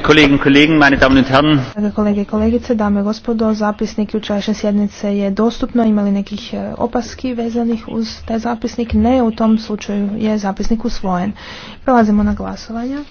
kolege i kolegice, dame i gospodo, zapisnik jučerašnje sjednice je dostupno. Imali nekih e, opaski vezanih uz taj zapisnik? Ne, u tom slučaju je zapisnik usvojen. Prelazimo na glasovanje.